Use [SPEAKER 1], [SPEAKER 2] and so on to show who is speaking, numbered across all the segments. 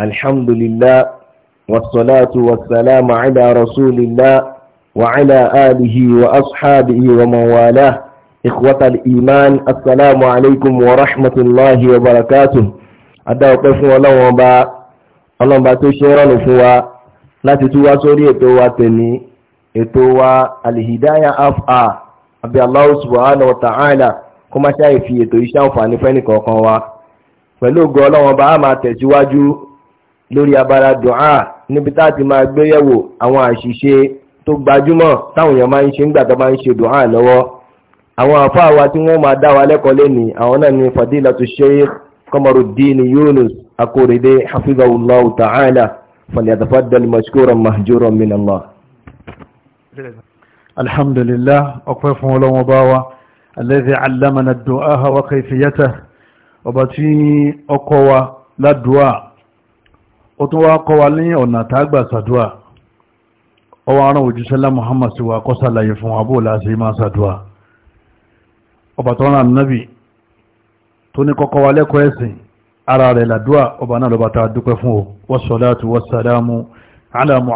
[SPEAKER 1] الحمد لله والصلاة والسلام على رسول الله وعلى آله وأصحابه ومن إخوة الإيمان السلام عليكم ورحمة الله وبركاته أدعو قفوا الله وبا الله وبا تشير لفوا لا تتوى سوري اتوى تني اتوى الهداية أفعى أبي الله سبحانه وتعالى كما شايف في اتوى شاوفاني فاني كوكوا pẹ̀lú ògo ọlọ́wọ́n bá a máa tẹ̀síwájú lórí abala dùá níbi tá a ti máa gbéyẹ̀wò àwọn àṣìṣe tó gbajúmọ̀ táwọn èèyàn máa ń ṣe nígbà tó máa ń ṣe dùá lọ́wọ́ àwọn àfáà wa tí wọ́n máa dá wa lẹ́kọ̀ọ́ lẹ́nìí àwọn náà ni fadilatu sheikh Qamaruddin Yunus Akorede hafizahullahu ta'ala falyatafaddal mashkuran mahjuran min Allah.
[SPEAKER 2] alhamdulillah ọpẹ́ fún ọlọ́wọ́n bá wa alladhi allamana ad-du'a wa kayfiyatahu ọba tí ọkọ̀ wa ládùúà ó tún wá kọ́ wa ní ọ̀nà tàgbà sàdúà ọwọ́ arán òjíṣẹ́lá Muhammad sí wa kọ́ sàlàyé fún abúlá sí máa sàdúà ọba tó rán nábì tó ní kọ́kọ́ wa lẹ́kọ́ ẹ̀sìn ara rẹ̀ làdúà ọba náà lọ́ba ta dúpẹ́ fún o wassalatu wassalamu ala ọmọ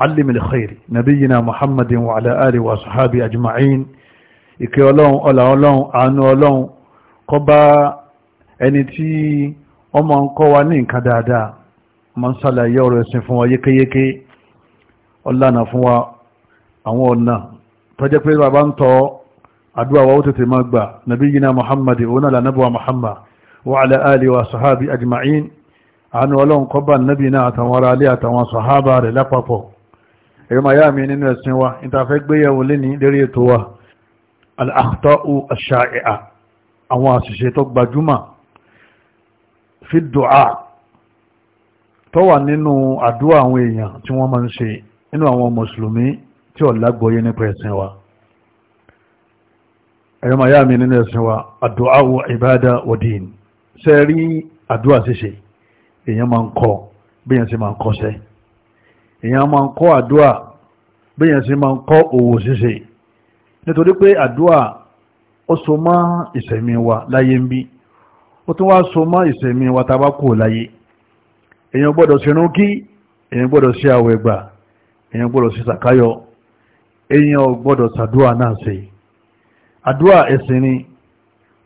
[SPEAKER 2] ń kọ́ wa ní nǹkan dáadáa ma ń sàlàyé ọ̀rọ̀ ẹ̀sìn fún wa yékéyéké ọlànà fún wa àwọn ọ̀nà tó jẹ́ pé bàbá ń tọ́ àdúrà wa ó tètè máa gbà nàbí yìí muhammad òun náà lànàbọ̀ muhammad wa ala ali wa sahabi ajma'in àánú ọlọ́run kọ́bà nàbí náà àtàwọn ará alẹ́ àtàwọn sahaba rẹ̀ lápapọ̀ èyí ma yá nínú ẹ̀sìn wa ìtafẹ́ gbéyàwó lé ní lérí ètò wa al-akhta'u ash-sha'i'a àwọn àṣìṣe tó gbajúmọ̀ fi du'a tó wà nínú àdúrà àwọn èèyàn tí wọ́n máa ń ṣe nínú àwọn mùsùlùmí tí ò lágbọ́yé nípa ẹ̀sìn wa ẹ̀yọ́ máa yá mi nínú ẹ̀sìn wa àdúrà wo ìbáadà wọ̀dín ṣe rí àdúrà ṣíṣe èèyàn máa ń kọ́ bí èèyàn ṣe máa ń kọ́ṣẹ́ èèyàn máa ń kọ́ àdúrà bí èèyàn máa ń kọ́ òwò ṣíṣe nítorí pé àdúrà ó so mọ́ ìṣẹ̀mí wa láyé ń bí ó tún wá so mọ́ ìṣẹ̀mí wa tá a bá èyàn gbọ́dọ̀ sínú kí èyàn gbọ́dọ̀ sí àwẹ̀ gbà èyàn gbọ́dọ̀ sí sàkáyọ èyàn gbọ́dọ̀ sàdúà náà sí àdúà ẹ̀sìn ni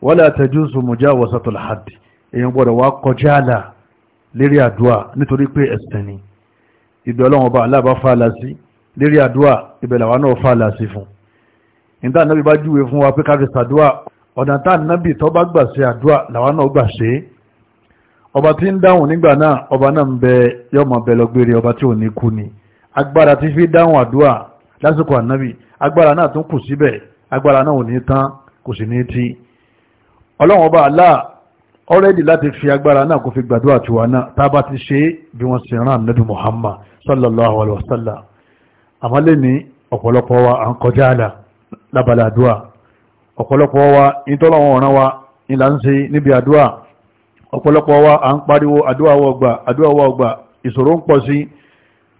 [SPEAKER 2] wala tajuzu mujawazatul hadd èyàn gbọ́dọ̀ wá kọjá àlà lérí àdúà nítorí pé ẹ̀sìn ni ibi ọlọ́run ọba aláàbá fàálà sí lérí àdúà ìbẹ̀làwà náà fàálà sí fún ìdá náà bí bá wa pé ká fi sàdúà ọ̀nà tá nábì tó bá gbà sí àdúà làwa náà gbà ṣe ọba tí ń dáhùn nígbà náà ọba náà ń bẹ yọmọ bẹ lọ gbére ọba tí ò ní kú ni agbára tí fi dáhùn àdúà lásìkò ànábì agbára náà tún kù síbẹ̀ agbára náà ò ní tán kò sì ní tí ọlọ́run ọba Allah ọ̀rẹ́dì láti fi agbára náà kò fi gbàdúrà tiwa náà tá a bá ti ṣe bí wọ́n ṣe rán ànábì Muhammad sallallahu alaihi wa sallam àmọ́ lè ní ọ̀pọ̀lọpọ̀ wa à ń kọjá àlà lábala àdúà ọ̀pọ̀lọpọ̀ wa ìtọ́lọ́wọ̀n ọ̀ràn wa ìlànà ṣe níbi àdúà ọ̀pọ̀lọpọ̀ wa à ń pariwo àdúwàwọ̀ ọgbà àdúwàwọ̀ ọgbà ìṣòro ń pọ̀ sí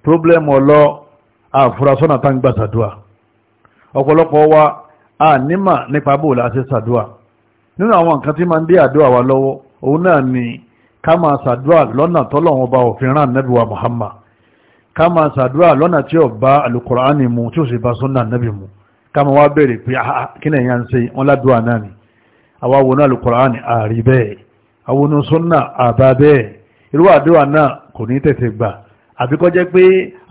[SPEAKER 2] problem ọlọ́ àfúrasọ́nà tá ń gbà sàdúà ọ̀pọ̀lọpọ̀ wa a nímà nípa bóòlù àti sàdúà nínú àwọn nǹkan tí máa ń dé àdúà wa lọ́wọ́ òun náà ni ká máa sàdúà lọ́nà tọ́lọ́wọ́n bá òfin rán nẹ́bí wa Muhammad ká máa sàdúà lọ́nà tí ó bá alukur'ani mu tí ó sì bá sunna nẹ́bí mu ká máa wá béèrè pé kí ni ẹ̀yà ń ṣe wọn ládùúà náà ni àwa wo náà alukur'ani àrí bẹ́ẹ̀ àwọn onísọ́nà àbá bẹ́ẹ̀ irú àdúrà náà kò ní tètè gbà àbí kọ́ jẹ́ pé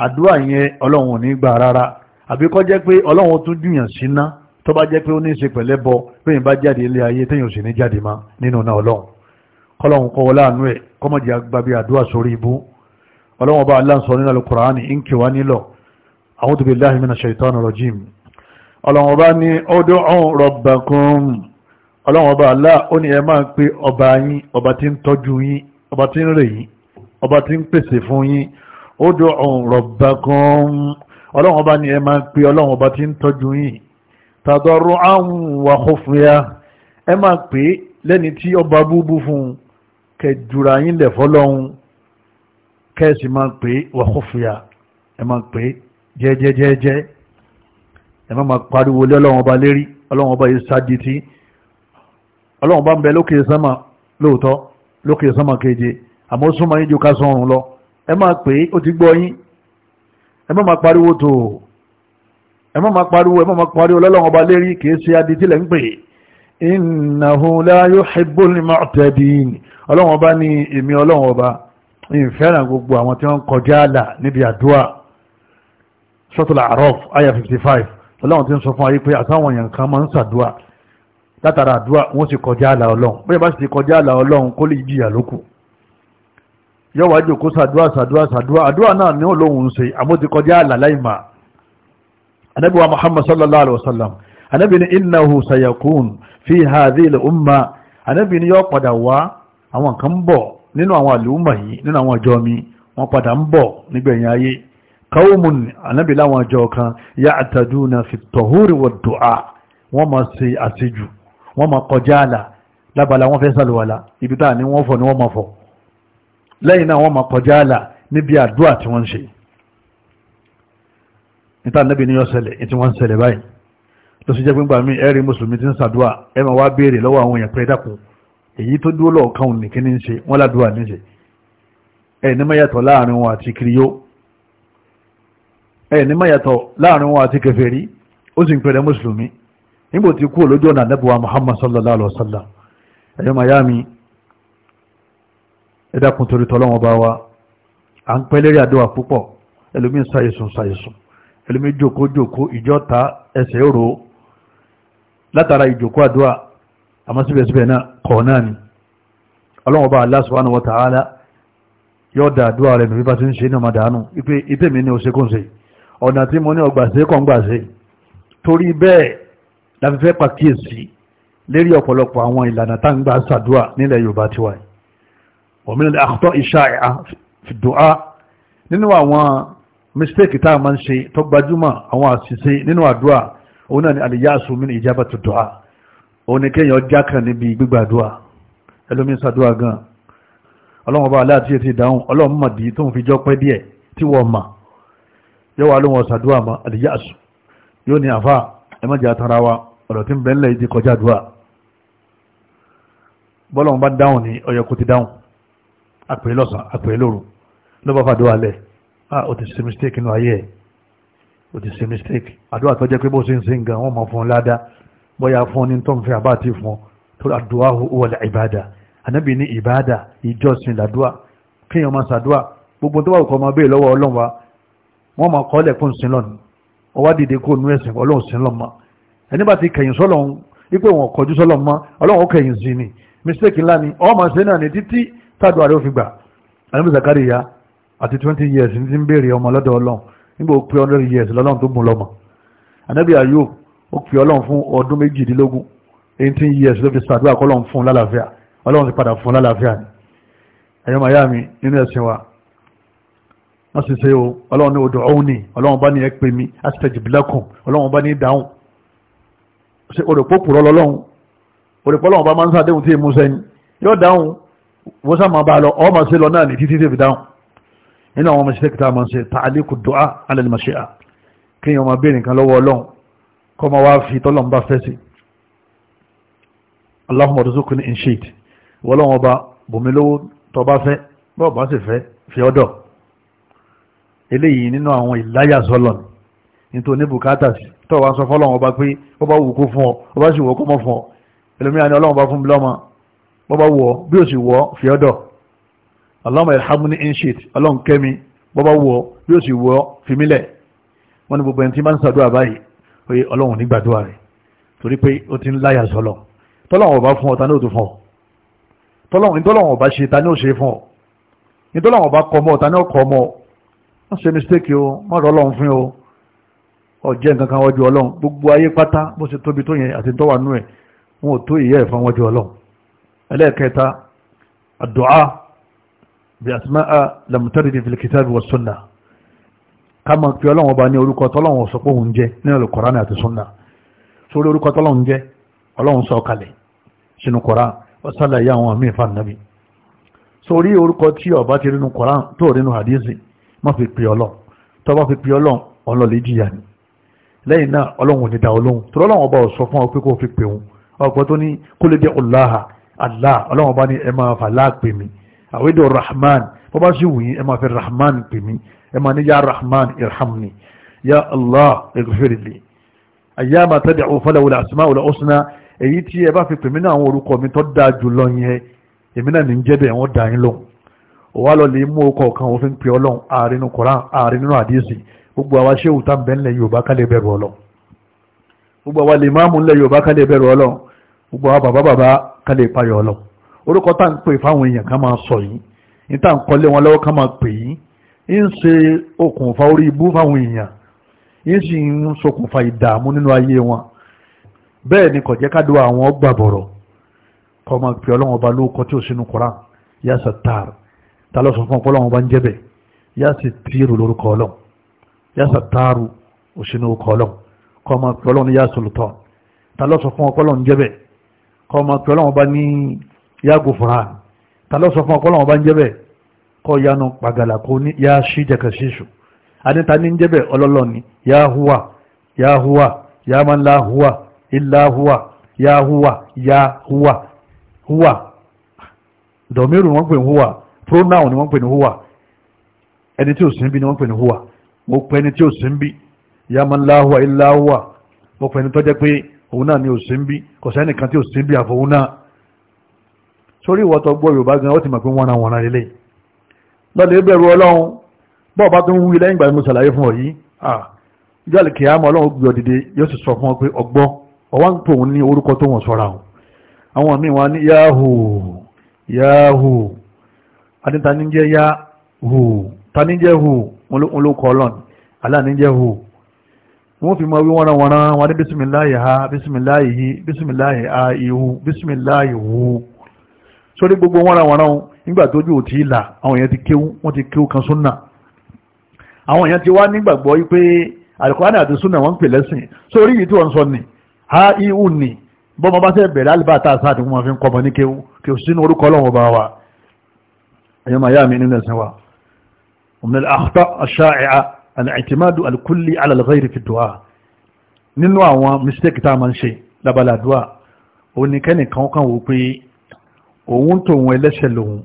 [SPEAKER 2] àdúrà yẹn ọlọ́run ò ní gbà rárá àbí kọ́ jẹ́ pé ọlọ́run tún jùyàn síná tó bá jẹ́ pé ó ní í ṣe pẹ̀lẹ́ bọ péyìn bá jáde ilé ayé téèyàn sì ní jáde má nínú náà ọlọ́run kọ́lọ́run kọ́ wọlé ẹ̀ e, kọ́mọ̀jì agbábí àdúrà sórí ibú ọlọ́run bá aláǹsọ nínú alukùránì ń kí wá nílọ a'udhu billahi minash shaitani rajim ọlọ́run bá ní ud'u rabbakum ọlọ́run ọba Allah ó ní ẹ máa ń pe ọba yín ọba tí ń tọ́jú yín ọba tí ń rè yín ọba tí ń pèsè fún yín ud'u rabbakum ọlọ́run ọba ní ẹ máa ń pe ọlọ́run ọba tí ń tọ́jú yín tadarru'an wa khufya ẹ máa pè é lẹ́ni tí ọba búbú fún un kẹjura yín lẹ̀ fọlọ́hún kẹ́sì máa pè é wa khufya ẹ máa pè é jẹ́jẹ́jẹ́jẹ́ ẹ má máa pariwo lé ọlọ́run ọba lérí ọlọ́run ọba yìí sáà di ti ọlọ́run bá ń bẹ lókè sánmà lóòótọ́ lókè sánmà keje àmọ́ súnmọ́ yín ju ká sọrùn lọ ẹ máa pè é ó ti gbọ́ yín ẹ má máa pariwo tó ẹ má máa pariwo ẹ má máa pariwo lọ́lọ́run ọba lérí kìí ṣe aditílẹ̀ ń pè é innahu la yuhibbul mu'tadin ọlọ́run ọba ní èmi ọlọ́run ọba ìfẹ́ràn gbogbo àwọn tí wọ́n kọjá àlà níbi àdúrà suratul A'raf àyà 55 ọlọ́run ti ń sọ fún ayé pé àtàwọn èèyàn kan máa ń ṣàdúrà látara àdúrà wọ́n sì kọjá àlà ọlọ́run bóyá bá sì ti kọjá àlà ọlọ́run kó lè jìyà lókù yóò wá jòkó sàdúrà sàdúrà sàdúrà àdúrà náà ní olóhùn ń ṣe àmọ́ ti kọjá àlà láì máa anabi wa muhammad sallallahu alaihi wasallam anabi ni innahu sayakun fi hadhihi al-umma anabi ni yóò padà wá àwọn kan ń bọ̀ nínú àwọn àlùmọ̀ yìí nínú àwọn àjọ mi wọ́n padà ń bọ̀ nígbẹ̀yìn ayé kaumun anabi láwọn àjọ kan ya'taduna fi at-tahuri wad wọ́n máa ṣe àṣejù wọ́n máa kọjá àlà lábala wọ́n fẹ́ sàlùwàlà ibi táà wọ́n fọ̀ ni wọ́n máa fọ̀ lẹ́yìn náà wọ́n máa kọjá àlà níbi àdúrà tí wọ́n ń ṣe níta níbi ní ọ̀sẹ̀lẹ̀ tí wọ́n ń ṣẹlẹ̀ báyìí ló sì jẹ́ gbígbà mí ẹ̀rí mùsùlùmí ti ń sàdúà ẹ máa wá béèrè lọ́wọ́ àwọn èèyàn pẹ́ dàkún èyí tó dúró lọ́ọ̀kan òní kí ń ṣe wọ́n ládùúà ní ṣe ẹ̀ ní mẹ́yàtọ̀ láàrin wọn àti kiriyó ẹ̀ ní mẹ́yàtọ̀ láàrin wọn àti kèfèrí ó sì ń pẹ̀lẹ́ mùsùlùmí nígbò tí kú olójú ọ̀nà àdẹ́bùwà Muhammad sallallahu alaihi wasallam ẹ̀yọ́ miami ẹ̀dàkùn torí tọ́lọ́wọ́ bá wa à ń pẹ́ lérí àdúwà púpọ̀ ẹlòmí sàyẹ̀sùn sàyẹ̀sùn ẹlòmí jòkó jòkó ìjọta ẹsẹ̀ òrò látara ìjòkó àdúwà àmọ́ síbẹ̀síbẹ̀ náà kọ̀ náà ọlọ́wọ́ bá Allah subhanahu wa ta'ala yóò dá àdúwà rẹ̀ nù bí bá ti ń ṣe ní ọmọdé àánú ipe ìtẹ̀mí ni ọ̀nà tí mo ní ọgbà torí bẹ́ẹ̀ láfẹ́fẹ́ pàkíyèsí lérí ọ̀pọ̀lọpọ̀ àwọn ìlànà tá ń gba sàdúà nílẹ̀ yorùbá tiwa yìí òmìnira àkọ́tọ̀ ìṣáà fìdùá nínú àwọn mistake tá a máa ń ṣe tó gbajúmọ̀ àwọn àṣìṣe nínú àdúà òun náà ni àlìyáàsù min ìjábàtu dùá òun ni kéèyàn jákàn níbi gbígbà àdúà ẹlòmíín sàdúà gan ọlọ́run ọba aláàtí ti dáhùn ọlọ́run mọ̀dí tó ń fi jọ pẹ́ díẹ̀ tí wọ́n mọ̀ yóò wá lóhun ọ̀sàdúà mọ́ àlìyáàsù yóò ní àfáà ẹ má jẹ́ àtàrà wa ọ̀rọ̀ tí ń bẹ ńlẹ̀ yìí ti kọjá àdúrà bọ́lọ̀n bá dáhùn ní ọyọ kò ti dáhùn àpèrè lọ́sàn àpèrè lóru ló bá fàdúrà lẹ̀ à ó ti ṣe mistake inú ayé ẹ̀ ó ti ṣe mistake àdúrà tó jẹ́ pé bó ṣe ń ṣe nǹkan wọ́n máa fún un ládàá bóyá fún un ní tó ń fẹ́ àbá àti fún un tó àdúrà wọ ìbàdà ànábì ní ìbàdà ìjọsìn làdúà kéèyàn máa ṣàdúà gbogbo tó bá kọ́ máa ọwá dìde kó nu ẹsẹ̀ ọlọ́run sí lọ́mọ ẹni bá ti kẹ̀yìn sọ́lọ́run wípé wọn kọjú sọ́lọ́mọ ọlọ́run ó kẹ̀yìn sí ni mistake ńlá ni ọmọ ṣe náà ní títí tádùn àrẹ òfin gbà ànábì Zakariya àti twenty years ní ti ń béèrè ọmọ lọ́dọ̀ ọlọ́run nígbà ó pé hundred years lọ́lọ́run tó bùn lọ́mọ ànábì Ayub ó pè ọlọ́run fún ọdún méjìdínlógún eighteen years ló fi ṣàdúrà kọ́lọ́run fún lálàáfíà ọlọ́run ti padà fún lálàáfíà ni ẹ̀yọ́ màyá mi nínú ẹ̀sìn wa wọ́n sì ṣe o ọlọ́run ní odò ọ̀hún ni ọlọ́run bá ní ẹ pè mí astajib lakum ọlọ́run bá ní dáhùn ṣe òròpó pùrọ̀ lọ́lọ́run òròpó ọlọ́run bá máa ń sàdéhùn tí èmú sẹ́yìn yóò dáhùn wọ́n sá máa bá lọ ọ́ máa ṣe lọ náà ní títí tèfi dáhùn nínú àwọn ọmọọṣẹ́ kìtà máa ń ṣe ta'aliqu du'a 'ala al kí eléyìí nínú àwọn ìláyà sọlọ ní tó ní bùkátà sí tó wá sọ fọlọ́wọ́n ọba pé ó bá wù kó fún ọ ó bá sì wọ́ kó mọ̀ fún ọ ẹlòmíràn ni ọlọ́wọ́n bá fún mi lọ́mọ bọ́ bá wọ̀ bí ó sì wọ́ fi ọ́dọ̀ Allahumma irhamni in shit ọlọ́run kẹ́mi bọ́ bá wọ̀ bí ó sì wọ́ fi mílẹ̀ wọ́n ní gbogbo ẹni tí máa ń sàdúrà báyìí ọlọ́run ní gbàdúrà rẹ̀ torí pé ó ti ń láyà sọlọ tọ́lọ́wọ́n ọba fún ọ wọ́n ṣe mistake o wọ́n rọ ọlọ́run fún o ọ̀jẹ́ nǹkan kan wájú ọlọ́run gbogbo ayé pátá bó ṣe tóbi tó yẹn àti tọ́wà nú ẹ̀ wọn ò tó ìyẹ́ ẹ̀fọn wájú ọlọ́run ẹlẹ́ẹ̀kẹta àdùá bí asma'a lam taridi fil kitabi wa sunna ká máa fi ọlọ́run ọba ní orúkọ tọ́lọ́run ọ̀sọ́ pé òun jẹ́ nínú al-Qur'ani àti sunna sórí orúkọ tọ́lọ́run jẹ́ ọlọ́run sọ kalẹ̀ sínú Qur'an ọ̀sálà ìyá àwọn àmì ìfànàbí sórí orúkọ tí ọba ti rínú Qur'an tó rínú hadisi má fi pè ọlọ́run tó bá fi pè ọlọ́run ọlọ́lẹ̀ jìyà ni lẹ́yìn náà ọlọ́run ò ní da ọlọ́run tó lọ́lọ́run ọba ọ̀sọ́ fún ọ pé kó fi pè òun ọ̀pọ̀ tó ní kó lè jẹ́ ọláhà Allah ọlọ́run ọba ní ẹ máa fà láàpè mi àwédò rahman bó bá sì wù yín ẹ máa fi rahman pè mí ẹ máa ní ya rahman irhamni ya Allah igfirli àyà máa tẹ́lẹ̀ àwọn fọlẹ̀ wọlé àsìmá wọlé ọ̀sìnà èyí tí ẹ bá fi pè mí náà àwọn orúkọ mi tó dáa jù lọ yẹn èmi náà ní jẹ́ bẹ́ẹ̀ wọ́n dà yín lóhùn wà lọ lè mú ọkọ̀ kan òfin pè ọlọ́run ààrin nínú koran ààrin nínú àdíyèsí gbogbo àwa ṣéwù tá bẹ́ẹ̀ ńlẹ̀ yorùbá ká lè bẹ̀rù ọlọ́run gbogbo àwa lè máàmù ńlẹ̀ yorùbá ká lè bẹ̀rù ọlọ́run gbogbo àwa bàbá bàbá ká lè payọ̀ ọlọ́run orúkọ tá ń pè fáwọn èèyàn ká máa sọ yìí ní tá ń kọ́lé wọn lọ́wọ́ ká máa pè yìí ń ṣe okùnfà orí ibú fáwọn èèyàn yìí yasa taara ta lọ sọ fún ọpọlọ wọn bá ń jẹ́bẹ̀ yá sì tíìrù lórúkọ ọlọ́ yá sì táàrù òṣìnú ọkọ ọlọ́ kọ́ ọmọ pẹ̀lú ọlọ́run yá sòlùtọ́ ta lọ sọ fún ọpọlọ ń jẹ́bẹ̀ kọ́ ọmọ pẹ̀lú ọlọ́run bá ní yá gòfòrà ta lọ sọ fún ọpọlọ jẹ́bẹ̀ kọ́ yanu yá ṣíjẹkẹ̀ yá huwa yá huwa yá man la huwa illa huwa yá huwa yá huwa huwa dọ̀míìrù wọn pè huwa pronoun ni wọ́n pè ní huwa ẹni tí ò sin ń bí ni wọ́n pè ní huwa mo pè ẹni tí ò sin bí ya ma la huwa illa huwa mo pè ẹni tọ́jẹ́ pé òun náà ni ò sí ń bí kò sẹ́ni kan tí ò sí ń bí àfọwọ́n náà sórí ìwọ́tọ̀ gbọ́ yorùbá gan ó ti mọ̀ pé wọ́n ra wọ́n ra lélẹ̀ lọ́dẹ̀ bẹ̀rù ọlọ́run bọ́ọ̀ bá tún wí lẹ́yìn ìgbà mo ṣàlàyé ọ yìí àmọ́ ọlọ́run ọ pé ọgbọ́ àti taníjẹ́ yá hù taníjẹ́ hù olókọ̀ ọlọ́ni aláníjẹ́ hù wọ́n fi mọ́ wí wọ́n ran wọ́n wọn ní bísímìláì ha bísímìláì yí bísímìláì a ihu bísímìláì hu sórí gbogbo wọ́n ran wọ́n ran nígbà tójú ò tí ì là àwọn èèyàn ti kéwú wọ́n ti kéwú kan súnà àwọn èèyàn ti wá nígbàgbọ́ wípé àlùkòránì àti súnà wọ́n ń pè lẹ́sìn sórí yìí tí wọ́n sọ ni ha ihu ni bọ́mọ bá sẹ́ bẹ̀rẹ̀ alibata àti sáà tí wọ́n fi ń kọ́ ọmọ ní kéwú kí o sínú orúkọ ọlọ́run ọba wa ẹ̀yọ́ ma yá mi nínú ẹ̀sìn wa min al-akhta' ash-sha'i'a al-i'timadu al-kulli 'ala al-ghayri fi du'a nínú àwọn mistake tá a máa ń ṣe lábala du'a oníkẹ́ni kan kan wò pé òun tòun ẹlẹ́ṣẹ̀ lòun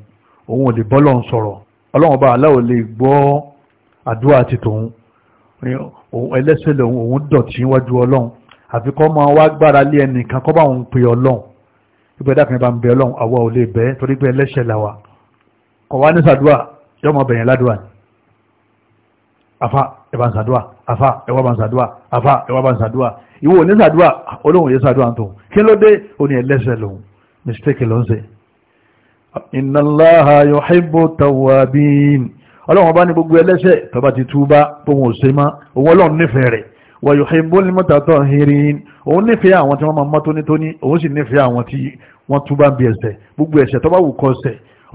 [SPEAKER 2] òun ò lè bọ́ lọ́n sọ̀rọ̀ ọlọ́run bá aláwọ̀ lè gbọ́ àdúrà ti tòun ẹlẹ́ṣẹ̀ lòun òun dọ̀tí wájú ọlọ́run àfi kọ́ máa wá gbára lé ẹnìkan kọ́ bá òun pè ọlọ́run ìgbẹ́dàkùnrin bá ń bẹ ọlọ́run àwa ò lè bẹ́ torí pé ẹlẹ́ṣẹ̀ làwà kọ̀ wá ní sàdúà yóò mọ bẹ̀yẹn ládùà ni afa ẹ̀bà ń sàdúà afa ẹ̀wà bá ń sàdúà afa ẹ̀wà bá ń sàdúà ìwọ ní sàdúà olóhùn yẹn sàdúà tó kí ló dé òní ẹlẹ́sẹ̀ lòun mistake ló ń ṣe. inna Allaha yuhibbu tawwabin ọlọ́run bá ní gbogbo ẹlẹ́sẹ̀ tó bá ti túbá bóun ò ṣe má òun ọlọ́run nífẹ̀ẹ́ rẹ̀ wa yuhibbul mutatahhirin òun nífẹ̀ẹ́ àwọn òun nífẹ̀ẹ́ àwọn tí wọ́n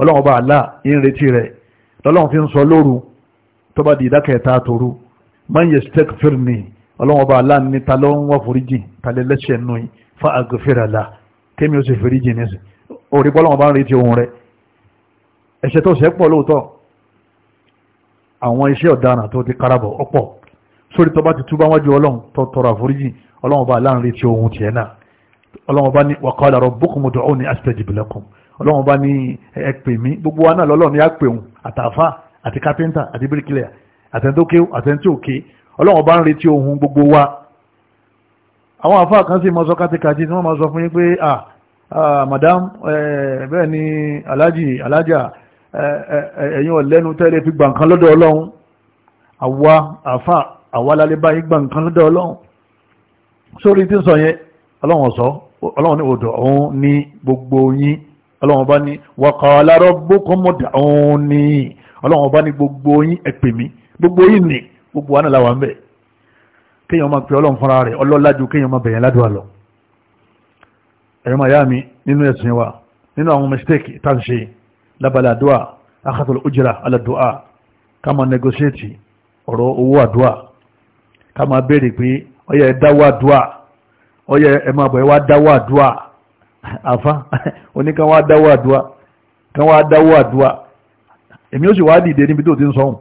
[SPEAKER 2] ọlọ́run ọba àlá ń retí rẹ̀ lọ́lọ́run fi ń sọ lóru tó bá di ìdákẹ́ta tòru man yastaghfir ni ọlọ́run ọba àlá ní ta ló ń wá foríjì tàlẹ́ lẹ́sẹ̀ nù yìí fa aghfir Allah kémi ó sì foríjì ní sí orí bọ́lọ́run ọba ń retí ohun rẹ̀ ẹ̀ṣẹ̀ tó ṣe pọ̀ lóòótọ́ àwọn iṣẹ́ ọ̀daràn tó ti karabọ̀ ọ̀pọ̀ sórí tó bá ti túbá wájú ọlọ́run tó tọrọ ọlọ́run bá ní ẹ pè mí gbogbo wa náà lọ́lọ́run ní á pè òun àtàfà àti kápẹ́ńtà àti bíríkìlẹ̀ àtẹ̀ntókè àtẹ̀ntókè ọlọ́run bá ń retí ohun gbogbo wa àwọn àfáà kan sì mọ sọ kátikàtì tí wọ́n máa sọ fún yín pé ah madam bẹ́ẹ̀ ni alájì alájà ẹ̀yin ọ̀lẹ́nu tẹ́lẹ̀ fi gbà nǹkan lọ́dọ̀ ọlọ́run àwa àfà àwa lálẹ́ báyìí gbà nǹkan lọ́dọ̀ ọlọ́run sórí tí ń sọ yẹn ọlọ́run sọ ọlọ́run ní odò ọ̀hún ní gbogbo yín ọlọ́run bá ní wa qala rabbukum ud'uni ọlọ́run bá ní gbogbo yín ẹ pè mí gbogbo yín ní gbogbo wa náà làwà ń bẹ̀ kéèyàn máa pe ọlọ́run fúnra rẹ̀ ọlọ́lájú kéèyàn máa bẹ̀yẹn ládùúgbà lọ ẹ̀rọ màá yá mi nínú ẹ̀sìn wa nínú àwọn mistake tá n ṣe lábala àdúrà akhatul ujra ala du'a ká máa negotiate ọ̀rọ̀ owó àdúrà ká máa béèrè pé ọyẹ ẹ dáwọ́ àdúrà ọyẹ ẹ máa bọ̀ ẹ wá dáwọ́ àdúrà àfá oníkan wá dáwọ́ àdúwà kan wá dáwọ́ àdúwà èmi ó sì wá dìde níbi tó ti ń sọ́hùn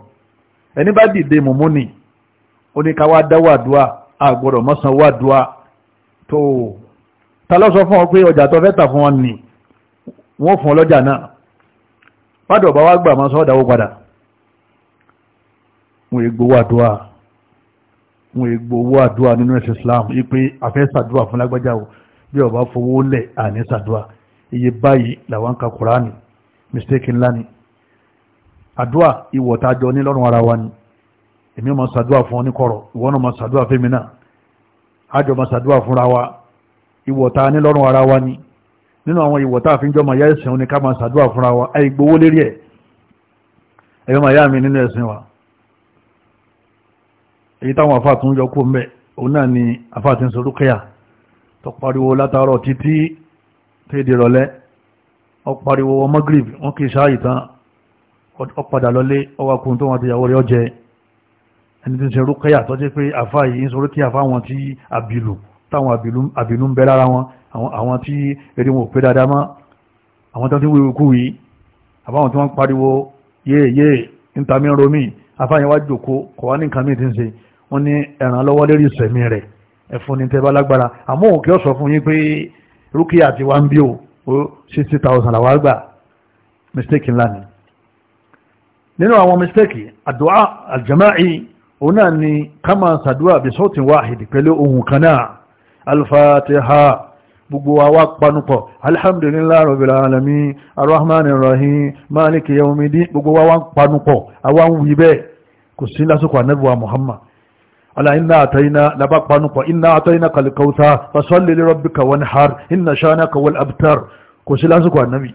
[SPEAKER 2] ẹni bá dìde mọ̀mọ́ ni oníkan wá dáwọ́ àdúwà àgbọ̀dọ̀ mọ́sàn wá àdúwà tó ta ló sọ fún ọ pé ọjà tó fẹ́ tà fún wọn ni wọ́n fún ọ náà pádọ̀ bá wá gbà máa sọ́ dáwọ́ padà wọ́n ègbówó àdúwà wọ́n ègbówó àdúwà nínú ẹ̀sìn Islam yí pé àfẹ́ sàdúwà fún lágbájá bí ọba fowó lẹ̀ àní sàdúà iye báyìí làwọn ka kùránì mistake ńlá ni àdúà ìwọ̀tajọ ní lọ́rùn ara wa ni èmi ọmọ sàdúà fún ọ ní kọ̀rọ̀ ìwọ náà ọmọ sàdúà fún mi náà àjọ ọmọ sàdúà fúnra wa ìwọ̀ta ní lọ́rùn ara wa ni nínú àwọn ìwọ̀ta àfíjọ́ ma yá ẹ̀sìn òní ká ma sàdúà fúnra wa ẹ gbowó lérí ẹ̀ ẹ̀yọ́ ma yá mi nínú ẹ̀sìn wa èyí táwọn afáàtún yọ kó mẹ́ òun náà ni afáàtún sorúkẹ́yà tó pariwo látàárọ̀ títí tèdè rọ̀lẹ́ ó pariwo magrib wọ́n kì í sáàyì tán ó padà lọlé ọwakùn tó wọn ti yàwó rẹ̀ ọjẹ́ ẹni tí ń ṣe rúkẹ́yà tó jẹ́ pé àfá yìí ń sọ rúkẹ́yà fáwọn tí àbìlù táwọn àbìlù ń bẹ lára wọn àwọn tí eré wọn ò pé dáadáa mọ́ àwọn tó ti wíwí kú yìí àbáwọn tí wọ́n pariwo yéèyé níta mi ń romí àfá yẹn wá jòkó kọ̀wá ní nǹkan mi ti ń ṣe wọ́n ní ẹ̀ràn lọ́wọ́ lérí ìsẹ̀mí rẹ̀ ẹ̀fún ní tẹ́bá lágbára àmọ́ òkè ọ̀sọ̀ fún yín pé rúkìá àti wá ń bí o ó sixty thousand làwọn àgbà mistake ńlá ni nínú àwọn mistake àdúrà àjẹmáì òun náà ni ká máa ṣàdúrà bí sọ́ọ̀tì wáhìdì pẹ̀lú ohun kan náà alfatiha gbogbo wa wá panupọ̀ alhamdulillah rabbil alamin arrahmanir rahim maliki yawmidin gbogbo wa wá panupọ̀ àwa ń kò sí lásìkò ànábì muhammad ala inna ataina laba panupọ̀ inna ataina kalikauta fasalli li rabbika wanhar inna shanaka wal abtar kò sí lásìkò ànábì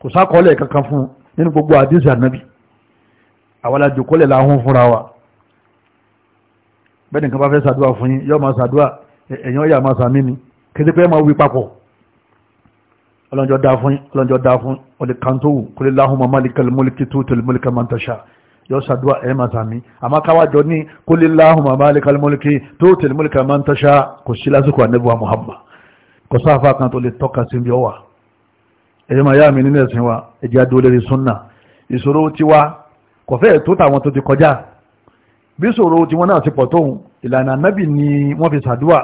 [SPEAKER 2] kò sákọọ́lẹ̀ kankan fún nínú gbogbo àdísì ànábì àwọn àjòkólẹ̀ láhún fúnra wa bẹ́ẹ̀ nìkan bá fẹ́ sàdúà fún yín yọ́ máa sàdúà èyàn e, e, yà máa sàmí ni kété pé máa wí papọ̀ ọlọ́njọ́ dá fún ọlọ́njọ́ dá fún ọlẹ́kàntóhù kólé láhún mamálíkà lè mólíkì tó tẹ̀lé mólíkà máa ń tẹ̀ṣà yóò ṣàdúrà ẹ̀ máa sàmì àmọ́ káwájọ ní kólélàhùn malikal mulki tó tẹ̀lé mọ́lẹ́kà máa ń tọ́ṣá kò sí lásìkò ànẹ́bùwà Muhammad kò sáfà kan tó lè tọ́ka sí bí ọ wà ẹ̀yọ́ máa yá mi nínú ẹ̀sìn wa ẹ̀jẹ̀ adúlé rí súnà ìṣòro tiwa kò fẹ́ẹ̀ tó tàwọn tó ti kọjá bí ìṣòro tiwọn náà ti pọ̀ tóun ìlànà ànábì ni wọ́n fi ṣàdúrà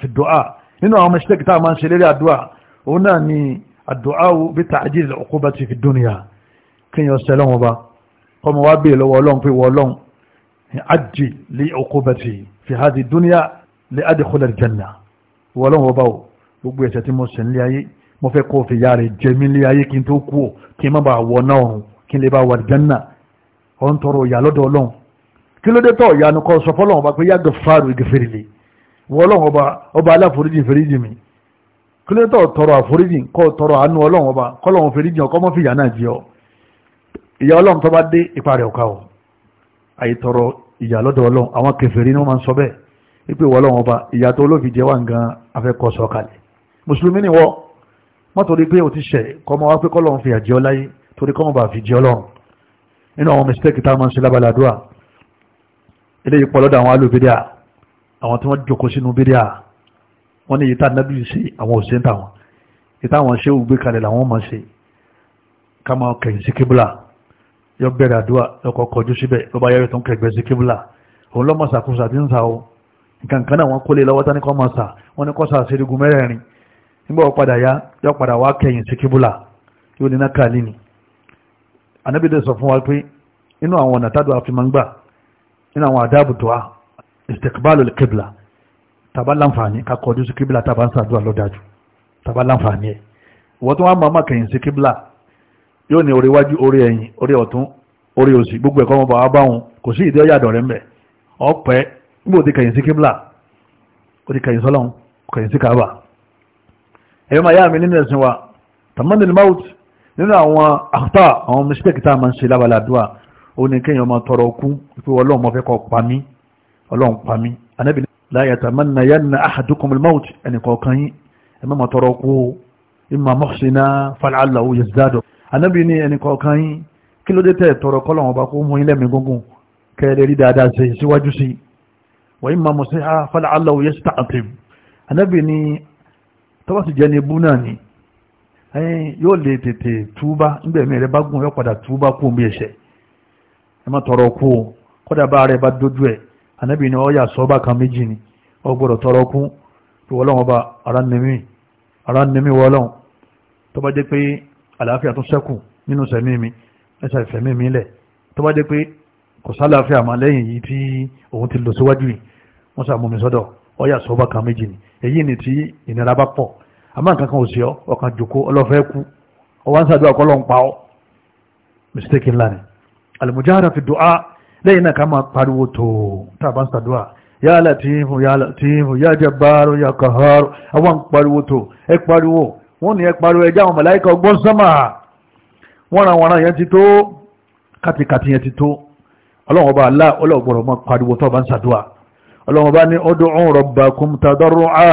[SPEAKER 2] tí wọ́n nínú àwọn mistake tá a máa ń ṣe lérí àdúrà òun náà ni àdúrà bí ta'jiz al-uqubati fi dunya kíyàn ṣe lọ́wọ́ bá kọmọ wá bèè lọ́wọ́ ọlọ́run pé wọ́ ọlọ́run ajji li uqubati fi hadhihi dunya li adkhula al-janna wọ́ ọlọ́run ọba o gbogbo ẹ̀ṣẹ̀ tí mo ṣẹ̀ nílé ayé mo fẹ́ kó fi yára jẹ mí nílé ayé kí n tó kú o kí n má bàa wọ náà ọ̀run kí n lè bá wà janna ọ̀ ń tọrọ ìyá lọ́dọ̀ ọlọ́run kí ló dé tọ̀ ìyanu wọ́lọ́wọ́ ọba ọba aláforíjì fèríjì mi kí ló tọ̀ tọrọ àforíjì kọ́ tọrọ àánú ọlọ́wọ́ ọba kọ́lọ́wọ́ fèríjì ọkọ́ mọ́ fìyà náà jẹ́ ọ ìyá ọlọ́run tó bá dé ipa rẹ̀ ọ̀ka ọ̀ àìtọrọ ìyà lọ́dọ̀ ọlọ́run àwọn kèfèrí ni wọ́n máa ń sọ bẹ́ẹ̀ wípé wọ́lọ́wọ́ ọba ìyà tó olófì jẹ́ wà nǹkan afẹ́kọ́ sọ kalẹ̀ mùsùlùmí ni wọ́ mọ́ torí pé o ti ṣẹ̀ kọ́ mọ́ wá pé kọ́lọ́run fìyà jẹ́ ọ láyé torí kọ́ mọ́ bá fi jẹ́ ọlọ́run nínú àwọn mistake tá a máa ń ṣe lábaladúà eléyìí pọ̀ lọ́dọ̀ àwọn alùbídà àwọn tí wọ́n jókòó sínú bídíà wọ́n ní ìta nábì sí àwọn òṣèǹtà wọn ìta àwọn ṣé ògbé kalẹ̀ làwọn máa ṣe ká máa kẹ̀yìn sí kíbùlà yọ bẹ̀rẹ̀ àdúrà lọ́kọ̀ kọjú síbẹ̀ ló bá yẹ́rẹ̀ tó ń kẹgbẹ́ sí kíbùlà òun lọ́mọ sàkóso àti ń sa o nǹkan kan náà wọ́n kólé lọ́wọ́ tán ní kọ́ máa sà wọ́n ní kọ́ sà sí igun mẹ́rẹ̀ẹ̀rin nígbà wọ́n padà yá yọ padà wá kẹ̀yìn sí kíbùlà yóò ní náà kàlí ni anábìdẹ sọ fún wa pé inú àwọn ọ̀nà tádùn àfi máa àwọn àdáàbò tó wà istikbalu kibla tàbá láǹfààní ká kọjú sí kibla tàbá ń sàdúrà lọ́dájú tàbá láǹfààní ẹ̀ wọ́n tún wá máa máa kẹ̀yìn sí kibla yóò ní orí ori orí ẹ̀yìn orí ọ̀tún orí òsì gbogbo ẹ̀kọ́ ọmọ bàbá báwọn ya sí ìdí ọ̀yà àdọ̀rẹ́ mbẹ̀ ọ̀pẹ́ gbogbo ti kẹ̀yìn sí kibla ó ti kẹ̀yìn sọ́lọ́hún kẹ̀yìn sí kaaba ẹ̀yọ́ máa yá mi nínú ẹ̀sìn wa tamanil maut nina àwọn àkútà àwọn mistake tá a la ń ṣe lábaladúà ó ní kéèyàn máa tọrọ kú pé mo fẹ́ kó pa mí ọlọ́run pa mí anábì la yatamanna yanna ahadukumul maut ẹnì kọ̀ọ̀kan yín ẹ má máa tọrọ kú imma muhsina fal'allahu yazdadu anábì ní ẹnì kọ̀ọ̀kan yín kí ló dé tẹ́ tọrọ kọ́lọ́run ọba kó mú yín lẹ́mìí gúngùn kẹ́ẹ̀rẹ́ rí dáadáa ṣe síwájú sí wa imma musi'a fal'allahu yasta'tim anábì ní tọ́wọ́ sì jẹ́ ní ibú náà ni yóò lè tètè túbá nígbẹ̀mí rẹ ànábì ni ọ̀yà sọ́ọ́bà kan méjì ni ọgbọ́dọ̀ tọrọ kún ìwọ́lọ́wọ́ bá ara nìmí ara nìmí wọ́lọ́wọ́ tó bá jẹ́ pé àlàáfíà tún sẹ́kù nínú sẹ̀mí mi ẹ̀ṣà ìfẹ̀mí mi lẹ̀ tó bá jẹ́ pé kò sálàáfíà mà lẹ́yìn yìí tí òun ti lò síwájú yìí wọ́n sàmú mi sọ́dọ̀ ọ̀yà sọ́ọ́bà kan méjì ni èyí ni tí ìnira bá pọ̀ àmọ́ nǹkan kan ò sí ọ ọkàn jòkó ọlọ́fẹ́ kú ọwọ́ ń sàdúrà kọ́ lọ́ ń pa ọ́ mistake ńlá ni al-mujahara fi du'a lẹ́yìn náà ká máa pariwo tó tàbá ń sàdúrà ya Latifu ya Latifu ya Jabbaru ya Qahharu àwọn pariwo tó ẹ pariwo wọ́n ní ẹ pariwo ẹjá àwọn màláíkà ọgbọ́n sánmà wọ́n ra wọ́nra yẹn ti tó kàtìkàtì yẹn ti tó ọlọ́wọ́n bá lá ọlọ́gbọ̀rọ̀ mọ́ pariwo tó bá ń sàdúrà ọlọ́wọ́n bá ní ud'u rabbakum tadarru'a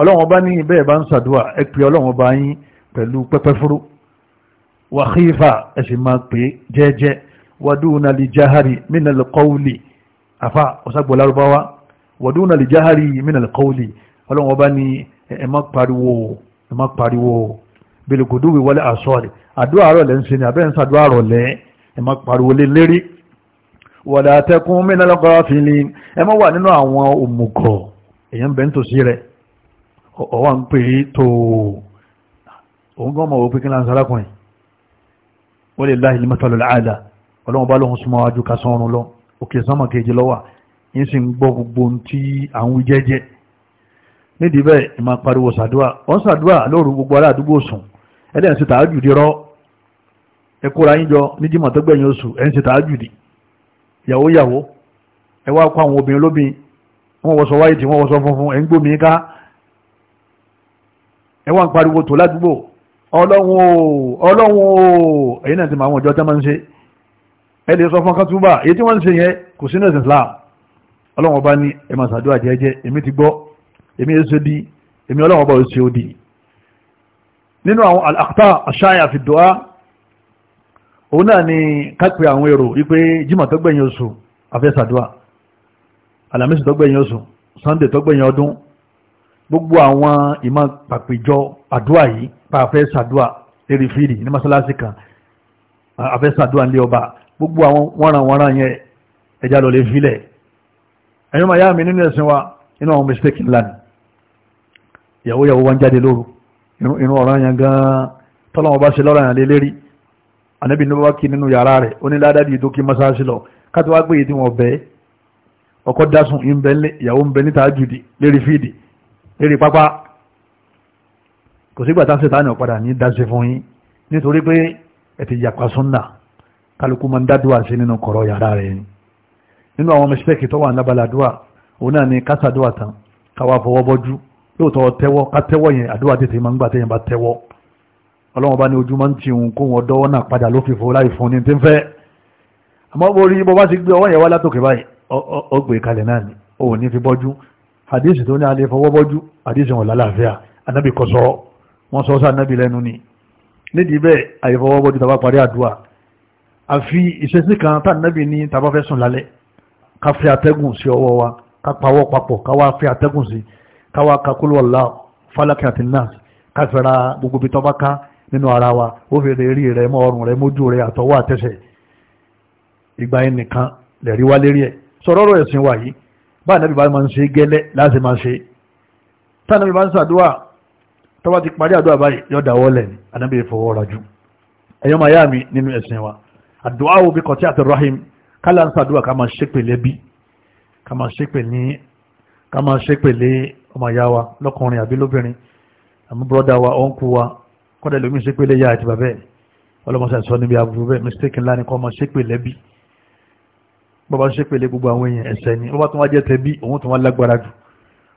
[SPEAKER 2] ọlọ́wọ́n bá ودون الجهر من القول أفا أصاب ولا ربوا ودون الجهر من القول ولو أباني إمك باريو إمك باريو بالقدو ولا أصال أدعى رول إنسان أبين سأدعى رول إمك باريو لليري ولا تكون من الغافلين إما وانينو أوان أمكو èyàn bẹ̀ ń tò sí rẹ̀ ọwọ́ ń pè é tó òun gan mọ̀ wọ́n pé kí n láǹsá arákùnrin wọ́n lè láhìlì mọ́tàlọ́lá àdá ọlọ́run bá lóhun súnmọ́ wájú kásán ọrùn lọ òkè sánmà kejì lọ́wà yín sì ń gbọ́ gbogbo ohun tí à ń wí jẹ́jẹ́ nídìí bẹ́ẹ̀ ẹ máa pariwo sàdúà wọ́n sàdúà lóru gbogbo ará àdúgbò sùn ẹ̀dẹ̀ ń ṣe tàájùdì rọ́ ẹ kóra yín jọ ní jímọ̀ tó gbẹ̀yìn oṣù ẹ̀ ń ṣe tàájùdì yàwó yàwó ẹ wá kó àwọn obìnrin lóbìn wọ́n wọ́sọ wáyé tí wọ́n wọ́sọ funfun ẹ̀ ń gbómi ká ẹ wá ń pariwo tò ládùúgbò ọlọ́run o ọlọ́run o èyí náà ti máa wọn ọjọ́ tẹ́ máa ń ṣe ẹ lè sọ fún ọkàn túbà èyí tí wọ́n ń ṣe yẹn kò sínú ẹ̀sìn Islam ọlọ́wọ́n bá ní ẹ máa ṣàdúrà jẹ́jẹ́ èmi ti gbọ́ èmi yẹn ṣe di èmi ọlọ́wọ́n bá ò ṣe òdì nínú àwọn àkútà àṣàyà fi dùá òun náà ni kápẹ́ àwọn èrò wípé jimá tó oṣù afẹ́ ṣàdúrà alamisi tó oṣù sunday tó ọdún gbogbo àwọn ìmọ̀ pàpéjọ àdúrà yìí pàfẹ́ ṣàdúrà lérí ní masalasi kan afẹ́ ṣàdúrà nílé ọba gbogbo àwọn wọ́nranwọ́nran yẹn ẹja lọ lè filẹ̀ ẹ̀yọ́ màá yá mi nínú ẹ̀sìn wa inú àwọn mistake ńlá ni ìyàwó ìyàwó wa ń jáde lóru inú ọ̀ràn yẹn gan-an tọ́lọ́wọ́n bá ṣe lọ́rọ̀ yẹn lé lérí ànábì ní bá kí nínú yàrá rẹ̀ ó ní ládàbí ìdókí mọ́sáàsì lọ káti wá gbé èyí tí wọ́n bẹ́ ọkọ dásùn ìyàwó ń bẹ níta jùdì lérí fíìdì kálukú máa ń dádùá sí nínú kọ̀rọ̀ yàrá rẹ̀ ni nínú àwọn mẹ́sẹ̀kì tó wà lábala àdúrà òun náà ni kásàdúrà tán káwá fọwọ́ bọ́jú lóòótọ́ tẹ́wọ́ ká tẹ́wọ́ yẹn àdúrà tètè máa ń gbà téèyàn bá tẹ́wọ́ ọlọ́wọ́n bá ní ojú máa ń ti òun kó wọn dọ́wọ́ náà padà ló fìfo láì fún ni tí ń fẹ́ àmọ́ orí bọ́ bá ti gbé ọwọ́ yẹn wá látòkè báyìí ó gbé kalẹ̀ náà ni ó ní fi bọ́jú àdéhìsì tó ní alẹ́ fọwọ́ bọ́jú àdéhìsì wọn lálàáfíà anábì kọ sọ wọ́n sọ sí anábì lẹ́nu ni nídìí bẹ́ẹ̀ àyẹ̀fọwọ́ bọ́jú tàbá parí àdúrà àfi ìṣesí kan tànàbì ní tàbá fẹ́ sùn lálẹ́ ká fi àtẹ́gùn sí ọwọ́ wa ká pawọ́ papọ̀ ká wá fi àtẹ́gùn sí ká wá kakúlù ọ̀la fálákì àti náà ká fẹ́ra gbogbo ibi tọ́ba ká nínú ara wa ó fi rí rẹ mọ́ ọrùn rẹ mójú rẹ àtọwọ́ àtẹsẹ̀ ìgbà yẹn nìkan lẹ̀rí wá lérí ẹ̀ sọ̀rọ̀ ọ̀rọ̀ ẹ̀sìn wa yìí bá ànábì bá máa ń ṣe gẹ́lẹ́ láti máa ṣe tánàbì bá ń ṣàdúrà tọ́ba ti parí àdúrà báyìí yọ̀dà wọlé ni ànábì fọwọ́ mi nínú ẹ̀sìn wa àdúrà wo bí kọtí àti rahim kálá ń sàdúrà ká máa ṣépè lẹ́bí ká máa ṣépè ní ká máa ṣépè lé ọmọ ìyá wa lọ́kùnrin àbí lóbìnrin àmú bọ́dà wa ọ̀nkù wa kọ́dà lómi ṣépè lé yá àti bàbá ẹ̀ ọlọ́mọṣà sọ níbi àbúrò bẹ́ẹ̀ mistake ńlá ni kọ́ máa ṣépè lẹ́bí bọ́bá ṣépè lé gbogbo àwọn èèyàn ẹ̀sẹ̀ ni bọ́bá tó wá jẹ́ tẹ̀bí òun tó wá lágbára jù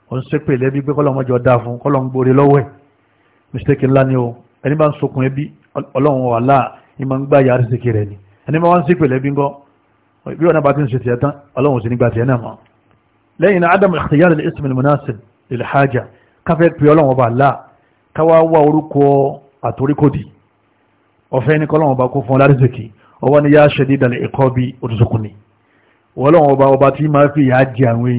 [SPEAKER 2] òun ṣépè lẹ́bí pé mistake ni o ẹni bá ń sokùn ẹbí ọlọ́run wà ni ẹni máa wá ń sí pèlè bí ń gọ́ bí wọn bá ti ń ṣe tiẹ̀ tán ọlọ́run sì nígbà tiẹ̀ náà mọ́ lẹ́yìn náà adam al-ikhtiyar al-ism al-munasib lil-haja káfẹ́ pé ọlọ́run ọba àlá káwá wá orúkọ àtoríkòdì ọ̀fẹ́ ní kọ́lọ́run ọba kó fún ọlárísìkì ọwọ́ ni yá shadid al-iqabi òtútùkùnì ọlọ́run ọba ọba tí máa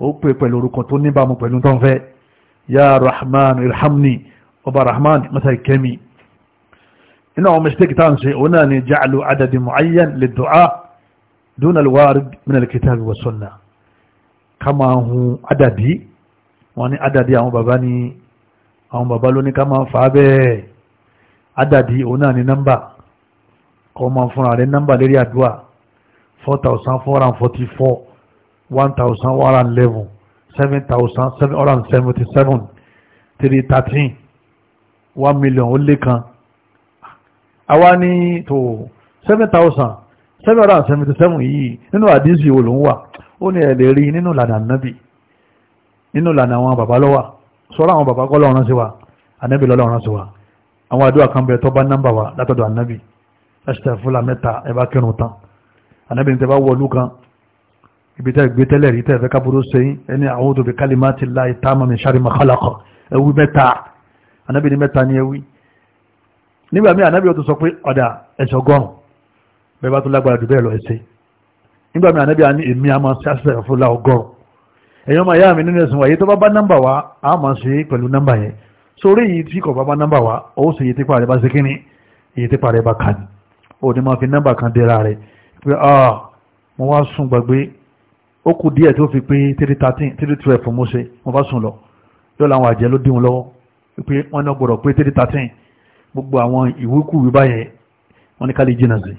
[SPEAKER 2] ó pè pẹ̀lú orúkọ tó níbàmú pẹ̀lú tó ń fẹ́ ya rahman irhamni ọba rahman masa ikemi inú àwọn mistake tá à ń ṣe òun náà ni ja'alu adadi mu'ayyan lè du'a duna alwarid min alkitabi wa sunna kama hun adadi wọ́n ní adadi àwọn bàbá ní àwọn bàbá ló ní ká máa ń fa bẹ́ẹ̀ adadi òun náà ni nọ́mbà kọ́ máa fúnra rẹ̀ nọ́mbà lérí àdúrà 4444 1111 7777 313 1 million ó lé kan àwa ní tó 7777 yìí nínú àdísì wo ló ń wà ó ní ẹ lè rí nínú ìlànà nábì nínú ìlànà àwọn bàbá lọ́wà sọ́rọ̀ àwọn bàbá kọ́ lọ́run sí wa ànábì lọ́run sí wa àwọn àdúrà kan bẹ tó bá nọ́mbà wa látọ̀dọ̀ ànábì ẹ̀ṣẹ̀ fúlà mẹ́ta ẹ bá kírun tán ànábì ní tẹ bá wọlú kan ibi tẹ́ gbé tẹ́lẹ̀ rí tẹ́ fẹ́ kábúrú sẹ́yìn ẹni a'udhu bi kalimati llahi tamma min sharri ma khalaqa ẹwí mẹ́ta anábì ní mẹ́ta ní ẹwí nígbà míì anábì ó tún sọ pé ọ̀dà ẹ̀sẹ̀ ọgọ́rùn bẹ́ẹ̀ bá tún lágbára jù bẹ́ẹ̀ lọ ẹ̀sẹ̀ nígbà míì anábì ní èmi a máa ṣáṣẹ̀ fún la ọgọ́rùn ẹ̀yọ́n máa yá mi nínú ẹ̀sìn wáyé tó bá bá nọ́mbà wa a máa ṣe pẹ̀lú nọ́mbà yẹn sórí èyí tí kò bá bá nọ́mbà wa ó sì èyí tí pàrẹ̀ bá ṣe kíní èyí tí pàrẹ̀ bá kà ní òní máa fi nọ́mbà kan dẹ́ra rẹ̀ pé ah mo wá sùn gbàgbé ó kù díẹ̀ tó fi pé three thirteen three twelve mo ṣe mo bá sùn lọ yóò láwọn àjẹ́ ló dín wọn lọ́wọ́ pé wọ́n náà gbọ́dọ̀ pé three thirteen gbogbo àwọn ìwékùwé báyẹn wọ́n ní ká lè jìnnà sí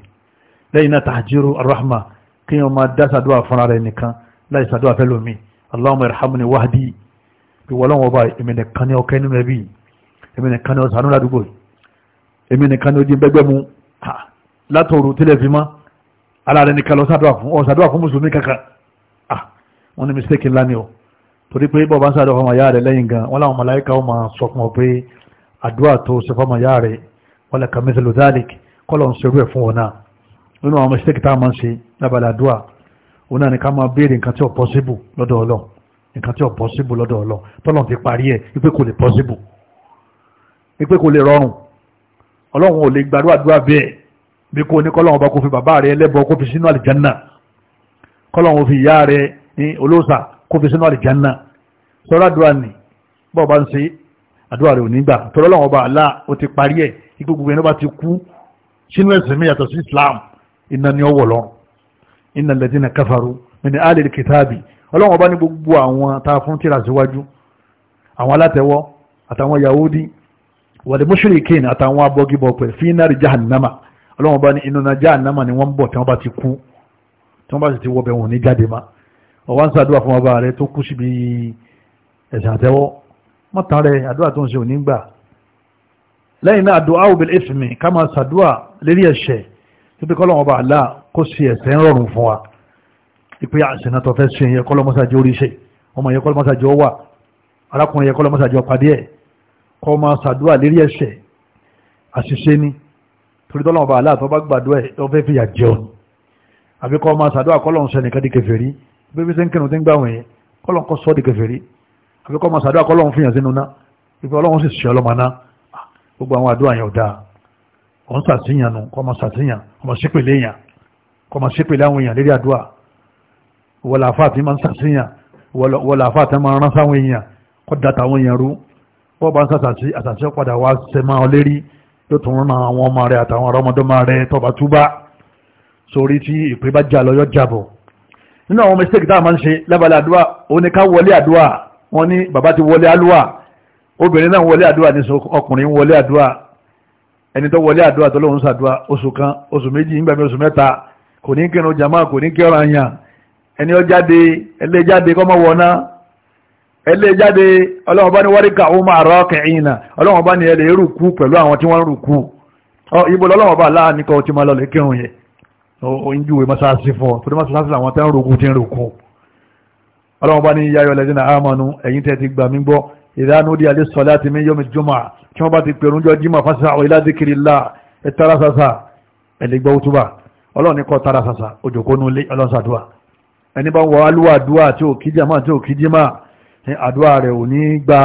[SPEAKER 2] lẹ́yìn náà tàjírò arahma kí wọ́n máa dá sàdúrà fúnra rẹ̀ nìkan láì sàdúrà fẹ́ lómi Allahumma irhamni wahdi bí wọ́n lọ́wọ́ bá èmi nìkan ní ọkẹ́ nínú ẹbí èmi nìkan ní ọ̀sánú ládùúgbò mu látòrò tílẹ̀ fi mọ́ ara rẹ̀ nìkan lọ wọ́n ní mistake ńlá ni o torí pé bọ́ọ̀ bá ń sáré ọmọ ìyá rẹ̀ lẹ́yìn gan wọ́n láwọn màláíkà ó máa sọ fún ọ pé àdúrà tó ṣe fọmọ ìyá rẹ̀ wọ́n lẹ́ka mẹ́sẹ̀lú dalek kọ́lọ̀ ń ṣerú ẹ̀ fún wọn náà nínú àwọn mistake tá a máa ń ṣe lábàlá àdúrà òun náà ni ká máa béèrè nǹkan tí ò possible lọ́dọ̀ ọlọ́ nǹkan tí ò possible lọ́dọ̀ ọlọ́ tọ́lọ̀ ti parí ẹ̀ wípé kò lè possible wípé kò lè rọrùn ọlọ́run ò lè gbàdúrà dúrà bẹ́ẹ̀ bí kò ní kọ́lọ́run ọba kò fi bàbá rẹ̀ ẹlẹ́bọ kò fi sínú àlìjánná kọ́lọ́run ò fi ìyá rẹ̀ ní olóòsà kó fi sínú àlìjánná sọ́rọ̀ àdúrà ní bọ́ọ̀bá ń ṣe àdúrà rẹ̀ ò ní gbà tọ́rọ lọ́wọ́ bá aláà ó ti parí ẹ̀ ikú gbogbo bá ti kú sínú ẹ̀sìn mi sí Islam iná ni ọwọ́ lọ iná lẹ́dí na káfàrú ní alẹ́ kìtàbì ọlọ́wọ́ bá ní gbogbo àwọn ta fún tíra síwájú àwọn alátẹ̀wọ́ àtàwọn Yahudi wàlẹ̀ mushrikin àtàwọn abọ́gibọ̀pẹ̀ fi nari jahannama ọlọ́wọ́ bá ní inú jahannama ni wọ́n bọ̀ tí wọ́n bá ti kú tí wọ́n bá sì ti wọ́bẹ̀ wọn ní jáde máa ọwá ń sàdúwà fún ọba rẹ̀ tó kú síbi ẹ̀sẹ̀ àtẹ́wọ́ mọ́tàn rẹ̀ àdúwà tó ń ṣe òní gbà lẹ́yìn náà àdúwà òbí ìfìmì ká máa sàdúwà lérí ẹ̀ṣẹ̀ tó bí kọ́lọ́wọ́ ọba àlá kó sì ẹ̀ṣẹ̀ ń rọrùn fún wa ìpè àṣìnà tó fẹ́ ṣe yẹ kọ́lọ́mọ́sàjọ́ oríṣẹ́ ọmọ yẹ kọ́lọ́mọ́sàjọ́ wà arákùnrin yẹ kọ́lọ́mọ́sàjọ́ pàdé ẹ̀ kọ́ máa sàdúwà lérí ẹ̀ṣẹ̀ àṣìṣe ni torí tọ́lọ́wọ́ àlá tó bá gbàdúrà ẹ̀ tó fẹ́ fìyà jẹun àbíkọ́ máa sàdúwà kọ́lọ́mọ́sàjọ́ bébí sí ń kírun tí ń gbà wọ̀nyí kọ́lọ́n kọ́ sọ́ọ́dì kèfèrí àbí kọ́ máa sàdúrà kọ́lọ́n fìyàn sínú ná ìfẹ́ ọlọ́run sì ṣe ọlọ́mọ ná gbogbo àwọn àdúrà yẹn ò dáa òun sàtìyàn nù kọ́ máa sàtìyàn ọmọ sípèlè yàn kọ́ máa sípèlè àwọn èèyàn lérí àdúrà wọ́n làáfà tí máa ń sàtìyàn wọ́n làáfà tí máa ń rán sáwọn èèyàn kọ́ da táwọn èèyàn rú wọ́n bá ń sàtàtì àtàtì ọ̀padà wá sẹ́ máa ọ lérí yóò tún rán àwọn ọmọ rẹ̀ àtàwọn ọmọdé máa rẹ̀ tọ́ba túbá sórí tí ìpè bá jà lọ yọ jàbọ̀ nínú àwọn mistake tá a máa ń ṣe lábàlá àdúrà òun ni ká wọlé àdúrà wọn ní bàbá ti wọlé àlúwà obìnrin náà wọlé àdúrà ní ọkùnrin wọlé àdúrà ẹni tó wọlé àdúrà tó lóun ṣàdúrà oṣù kan oṣù méjì nígbàmí oṣù mẹ́ta kò ní kírun jama kò ní kírun àyàn ẹni ó jáde ẹlẹ́jáde kọ́mọ wọná ẹlẹ́jáde ọlọ́wọ́n bá ní wáríkà ó máa rọ́ kẹ̀yìn náà ọlọ́wọ́n bá ní ẹlẹ́ ibo lọ́lọ́wọ́n bá láàánú kọ́ ti máa lọ lè oúnjúwe masáàsì fún ọ torí masáàsì làwọn tẹ́ ń rògùn tí ń rògùn ọlọ́run bá ní yáyọ lẹ́dínà àmọ́nu ẹ̀yin tẹ́ ti gbà mí gbọ́ ìdánú di alẹ́ sọ̀lá ti mí yọmi jùmọ̀ tí wọ́n bá ti pèrún jọ jímọ̀ fásitì àwọn ilá dìkìrì là ẹ tara sàṣà ẹ lè gbọ́ òtúbà ọlọ́run ní kọ́ tara sàṣà òjòkónú lé ọlọ́run sàdúà ẹni bá ń wọ alúwà àdúà tí ò kí jàmá tí ò kí jímà ní àdúà rẹ̀ ò ní gbà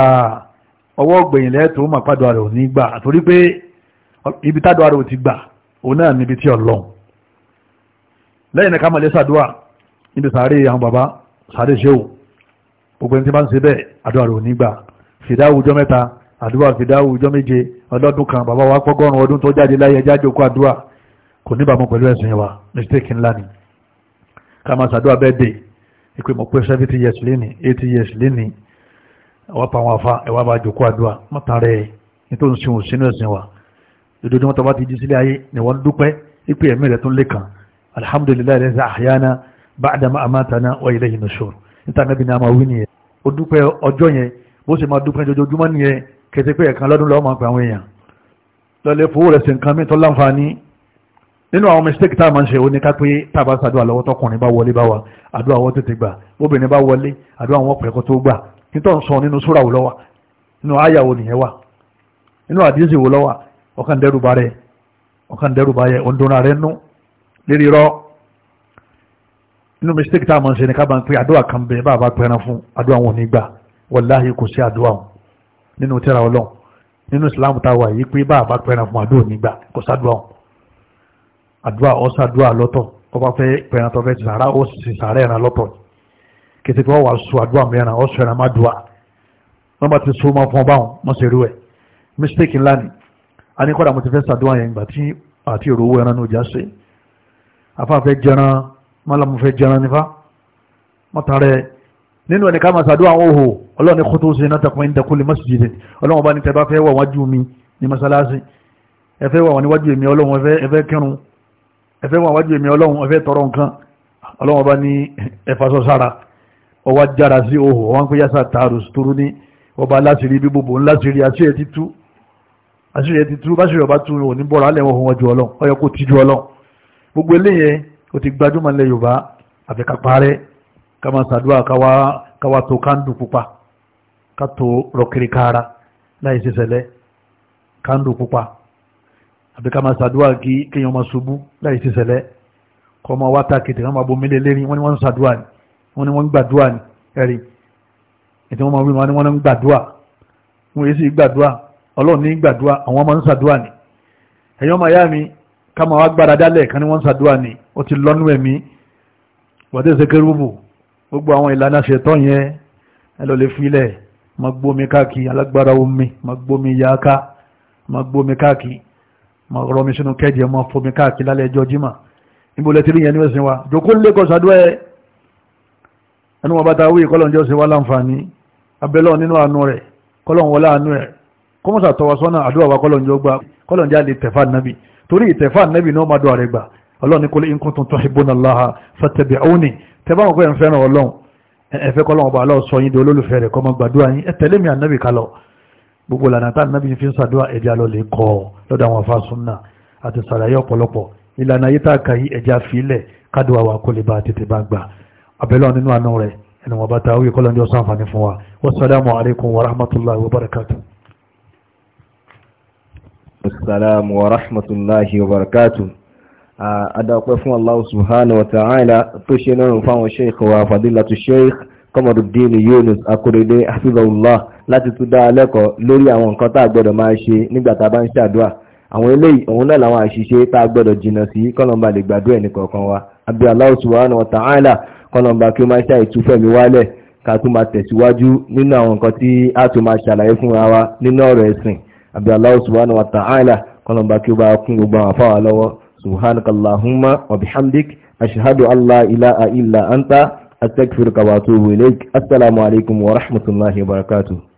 [SPEAKER 2] ọwọ́ gbẹ̀yìn lẹ́ẹ̀tọ́ mà pàdùà rẹ̀ ò ní gbà àtòrí pé ibi tádùà rẹ̀ ò ti gbà òun náà níbi lẹ́yìn ká mọ̀lẹ́ sàdúà níbi sàárè àwọn bàbá sàárè ṣéwò gbogbo ẹni tí bá ń ṣe bẹ́ẹ̀ àdúrà rò nígbà fìdáwù ọjọ́ mẹ́ta àdúrà fìdáwù ọjọ́ méje ọlọ́dún kan bàbá wa pọ́gọ́rùn ọdún tó jáde láyé ẹjá jòkó àdúrà kò níbàámu pẹ̀lú ẹ̀sìn wa mistake ńlá ni ká máa sàdúà bẹ́ẹ̀ dé ìpè mọ̀ pé seventy years lénìí eighty years lénìí ẹ̀wá pa àwọn afa ẹ̀wá bá jòkó àdúrà mọ́tàrẹ́ ni wọ́n dúpẹ́ ìpè ẹ̀mí rẹ̀ tún alhamdulilayi lẹ́sẹ̀ àyànà báàdàmà àmàtànà wa ilayhi nushur níta nàbí ni a máa wí nìyẹn ó dúpẹ́ ọjọ́ yẹn bó ṣe máa dúpẹ́ jojoojúmọ́ nìyẹn kété pé ẹ̀kan lọ́dún lọ́wọ́ máa pè àwọn èèyàn lọ́lẹ̀ fowó rẹ̀ sí nǹkan mìtọ́ láǹfààní nínú àwọn mistake tá a máa ń ṣe ó ní ká pé tá a bá ṣàdúrà lọ́wọ́ tọkùnrin bá wọlé bá wa àdúrà wọn tètè gbà obìnrin bá wọlé àdúrà wọn pẹ̀kọ́ tó gbà títọ́ sọ nínú súra wò lọ́wọ́ nínú àyà wò nìyẹn wà nínú àdíyèsí wò lọ́wọ́ ọkàn dẹ́rù bá rẹ̀ ọkàn dẹ́rù bá yẹ òǹdọ́nà rẹ̀ nú lérí rọ́ inú mistake tá a máa ń ṣe ni ká máa ń pè àdúrà kan bẹ bá a bá pẹran fún àdúrà wọn ní gbà wàláhì kò sí àdúrà wọn nínú tẹ́ra ọlọ́run nínú islam tá a wà yìí pé bá a bá pẹran fún àdúrà ní gbà kò sádùá wọn àdúrà ọ̀sán àdúrà lọ́tọ̀ kó bá fẹ́ pẹran tó fẹ́ ti sàrà ó sì sàrà ẹ̀ràn lọ́tọ̀ kété pé wọ́n wàá sọ àdúrà mìíràn ọ̀sán ẹ̀ràn má dùà wọ́n bá ti mistake ńlá ni a ní kọ́dà mo ti fẹ́ sàdúrà yẹn afáfẹ́ jẹran mọ́lámù fẹ́ jẹran nífà mọ́tàrẹ́ nínú ẹni ká máa ṣàdúrà àwọn òhò ọlọ́run ní kótó sí iná takùn ẹni dẹkùn lè masjid ọlọ́run bá ní tẹ́ bá fẹ́ wà wájú mi ní masalasi ẹ fẹ́ wà wà níwájú èmi ọlọ́run ẹ fẹ́ kírun ẹ fẹ́ wà wájú èmi ọlọ́run ẹ fẹ́ tọrọ nǹkan ọlọ́run bá ní ẹ fasọ sára ọwá jára sí òhò wọn pé yásà tààrù sùtúrú ní ọba aláṣìírí bíbòbò ńláṣìírí àṣírí ẹ ti tú báṣìírí gbogbo eléyẹn ó ti gbajúmọ̀ lẹ yorùbá àfi ká parẹ́ ká máa ṣàdúrà ká wá tó kándù pupa ká tó rọkiri kára láì ṣẹṣẹlẹ kándù pupa àbí ká máa ṣàdúrà kí kéèyàn máa ṣubú láì ṣẹṣẹlẹ kọ́ máa wá tàkìtì ká máa bomi lé wọ́n ni wọ́n ń ṣàdúrà ni wọ́n ni wọ́n ń gbàdúrà ni ẹ̀rí ètò wọn máa wí wọn ni wọ́n ń gbàdúrà wọ́n yé sí gbàdúrà ọlọ́run ní gbàdúrà àwọn máa ń ṣàdúrà ni ẹ̀yọ́ máa yá mi káma wá gbára dálẹ̀ kan ní wọ́n sàdúrà ní ó ti lọ́nú ẹ̀mí wàdé ṣe kérúbù gbogbo àwọn ìlànà ṣètọ́ yẹn ẹ lọ lè filẹ̀ ma gbómi káàkiri alágbára omi ma gbómi yaaka ma gbómi káàkiri ma rọmi sínú kẹ́jẹ ma fomi káàkiri lálẹ́ ẹjọ́ jimá níbo lẹ́tí rí yẹn ní ẹ̀sìn wa jòkó lẹ́kọ̀ọ́ sàdúrà ẹ ẹnu wọn bá ta wí kọ́lọ́njọ́ ṣe wá láǹfààní abẹ́lọ́ nínú àánú rẹ̀ kọ́lọ́n wọlé àánú rẹ̀ kọ́mọ́sà tọwọ́ sọ́nà àdúrà wa kọ́lọ́njọ́ gbà kọ́lọ́njọ́ lè tẹ̀fà nàbì torí ìtẹ̀fà nẹ́bì náà máa dọ̀ rẹ̀ gbà ọlọ́run ní kò lè in kuntum tuhibbuna Allaha fattabi'uni tẹ́bà wọn kọ́ ẹ̀ ń fẹ́ràn ọlọ́run ẹ̀fẹ́ kọ́ lọ́wọ́ bá aláwọ̀ sọ yín di olólùfẹ́ rẹ̀ kọ́ máa gbàdúrà yín ẹ tẹ̀lé mi ànábì kalọ̀ gbogbo lànà tá ànábì fi ń sàdúrà ẹ̀jẹ̀ alọ́ lè kọ́ lọ́dọ̀ àwọn afá súnà àti sàlàyé ọ̀pọ̀lọpọ̀ ìlànà yìí tá a kà yí ẹ̀jẹ̀ àfilẹ̀ kádùá wa kó lè bá tètè bá gbà abẹ́lẹ́ nínú àánú rẹ̀ ẹnu wọn bá ta wí kọ́lọ́njọ́ ṣàǹfààní fún wa wassalamu alaikum
[SPEAKER 1] السلام ورحمة الله وبركاته أدعو قفو الله سبحانه وتعالى تشينا فاو الشيخ وفضيلة الشيخ قمر الدين يونس أكريدي حفظه الله láti tún dáa lẹ́kọ̀ọ́ lórí àwọn nǹkan tá a gbọ́dọ̀ máa ṣe nígbà tá a bá ń ṣàdúrà àwọn eléyìí òun náà làwọn àṣìṣe tá a gbọ́dọ̀ jìnnà sí kọ́nọ̀mbà lè gbàdúrà ẹnì kọ̀ọ̀kan wa àbí Allah subhanahu wa ta'ala kọ́nọ̀mbà kí ó máa ṣe àìtúfẹ̀mí wálẹ̀ ká tún máa tẹ̀síwájú nínú àwọn nǹkan tí a tún máa ṣàlàyé fúnra wa nínú ọ̀rọ̀ ẹ̀sìn àbí Allah subhanahu wa ta'ala kọlọmbà kí bá kún gbogbo fa afáwà subhanakallahumma wa bihamdik ashhadu an la ilaha illa anta astaghfiruka wa atubu ilaik assalamu alaikum wa rahmatullahi wa barakatuh